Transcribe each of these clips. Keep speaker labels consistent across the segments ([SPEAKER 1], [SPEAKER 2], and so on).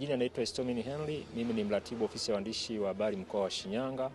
[SPEAKER 1] majina anaitwa Stomin Henry, mimi ni mratibu ofisi ya waandishi wa habari mkoa wa Shinyanga.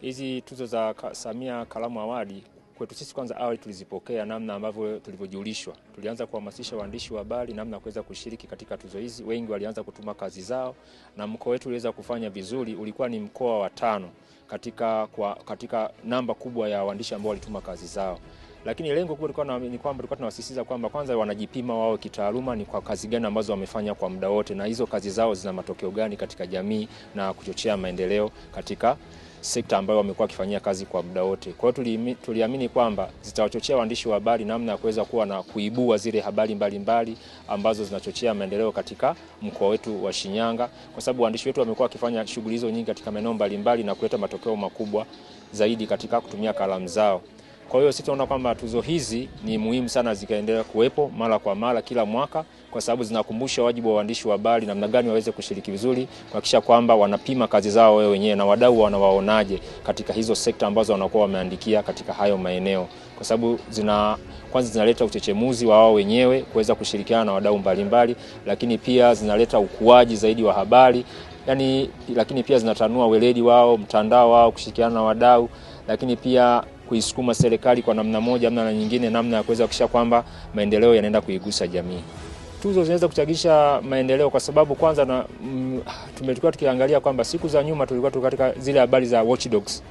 [SPEAKER 1] Hizi tuzo za Samia Kalamu Awadi Kwetu sisi kwanza, awali tulizipokea namna ambavyo tulivyojulishwa. Tulianza kuhamasisha waandishi wa habari namna kuweza kushiriki katika tuzo hizi, wengi walianza kutuma kazi zao, na mkoa wetu uliweza kufanya vizuri, ulikuwa ni mkoa wa tano katika, kwa, katika namba kubwa ya waandishi ambao walituma kazi zao lakini lengo kubwa lilikuwa ni kwamba tulikuwa tunawasisitiza kwamba kwanza wanajipima wao kitaaluma, ni kwa kazi gani ambazo wamefanya kwa muda wote, na hizo kazi zao zina matokeo gani katika jamii na kuchochea maendeleo katika sekta ambayo wamekuwa wakifanyia kazi kwa muda wote. Kwa hiyo tuliamini kwamba zitawachochea waandishi wa habari namna ya kuweza kuwa na kuibua zile habari mbalimbali mbali, ambazo zinachochea maendeleo katika mkoa wetu wa Shinyanga, kwa sababu waandishi wetu wamekuwa wakifanya shughuli hizo nyingi katika maeneo mbalimbali na kuleta matokeo makubwa zaidi katika kutumia kalamu zao. Kwa hiyo sisi tunaona kwamba tuzo hizi ni muhimu sana zikaendelea kuwepo mara kwa mara kila mwaka, kwa sababu zinakumbusha wajibu wa waandishi wa habari namna gani waweze kushiriki vizuri, kuhakikisha kwamba wanapima kazi zao wao wenyewe na wadau wanawaonaje katika hizo sekta ambazo wanakuwa wameandikia katika hayo maeneo, kwa sababu zina kwanza zinaleta uchechemuzi wa wao wenyewe kuweza kushirikiana na wadau mbalimbali, lakini pia zinaleta ukuaji zaidi wa habari yani, lakini pia zinatanua weledi wao, mtandao wao, kushirikiana na wadau, lakini pia kuisukuma serikali kwa namna moja ama na nyingine, namna ya kuweza kuhakikisha kwamba maendeleo yanaenda kuigusa jamii. Tuzo zinaweza kuchagisha maendeleo kwa sababu kwanza, na mm, tukiangalia kwamba siku za nyuma tulikuwa katika zile habari za watchdogs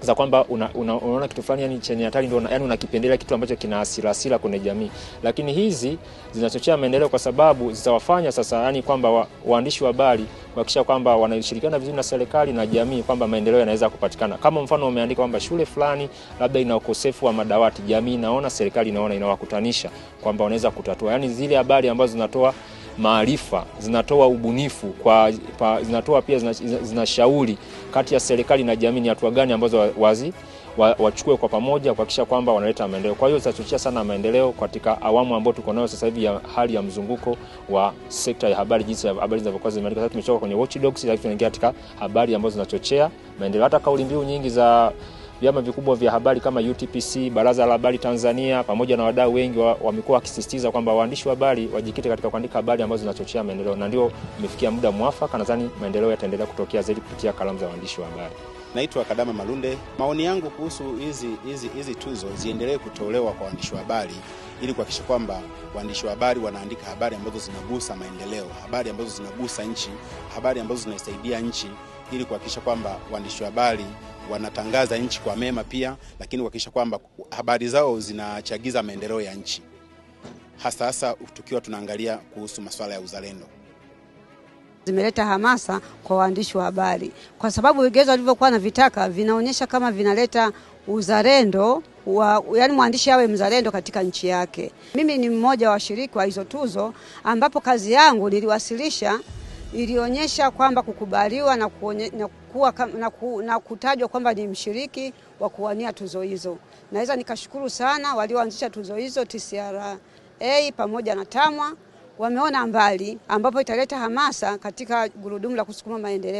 [SPEAKER 1] za kwamba una, una, unaona kitu fulani yani chenye hatari ndio yani unakipendelea kitu ambacho kina asira asira kwenye jamii, lakini hizi zinachochea maendeleo kwa sababu zitawafanya sasa yani kwamba wa, waandishi wa habari kuhakikisha kwamba wanashirikiana vizuri na serikali na jamii kwamba maendeleo yanaweza kupatikana. Kama mfano umeandika kwamba shule fulani labda ina ukosefu wa madawati, jamii inaona, serikali inaona, inawakutanisha kwamba wanaweza kutatua yani zile habari ambazo zinatoa maarifa, zinatoa ubunifu kwa, pa, zinatoa pia zinashauri zina kati ya serikali na jamii ni hatua gani ambazo wazi wa, wachukue kwa pamoja kuhakikisha kwamba wanaleta maendeleo. Kwa hiyo zitachochea sana maendeleo katika awamu ambayo tuko nayo sasa hivi ya hali ya mzunguko wa sekta ya habari, jinsi ya habari zinavyokuwa zimeandika. Sasa tumechoka kwenye watchdogs, lakini tunaingia katika habari ambazo zinachochea maendeleo. Hata kauli mbiu nyingi za vyama vikubwa vya habari kama UTPC, Baraza la Habari Tanzania pamoja na wadau wengi wamekuwa wa wakisisitiza kwamba waandishi wa habari wajikite katika kuandika habari ambazo zinachochea maendeleo, na ndio imefikia muda mwafaka. Nadhani maendeleo yataendelea kutokea zaidi kupitia kalamu za waandishi wa habari.
[SPEAKER 2] Naitwa Kadama Malunde. Maoni yangu kuhusu hizi hizi hizi tuzo ziendelee kutolewa kwa waandishi wa habari ili kuhakikisha kwamba waandishi wa habari wanaandika habari ambazo zinagusa maendeleo, habari ambazo zinagusa nchi, habari ambazo zinaisaidia nchi ili kuhakikisha kwamba waandishi wa habari wanatangaza nchi kwa mema pia, lakini kuhakikisha kwamba habari zao zinachagiza maendeleo ya nchi,
[SPEAKER 3] hasa hasa tukiwa tunaangalia kuhusu masuala ya uzalendo
[SPEAKER 4] zimeleta hamasa kwa waandishi wa habari, kwa sababu vigezo walivyokuwa na vitaka vinaonyesha kama vinaleta uzalendo wa, yani mwandishi awe mzalendo katika nchi yake. Mimi ni mmoja wa washiriki wa hizo tuzo, ambapo kazi yangu niliwasilisha ilionyesha kwamba kukubaliwa na, kuonye, na, kuwa, na, ku, na kutajwa kwamba ni mshiriki wa kuwania tuzo hizo. Naweza nikashukuru sana walioanzisha tuzo hizo TCRA pamoja na TAMWA wameona mbali ambapo italeta hamasa katika gurudumu la kusukuma maendeleo.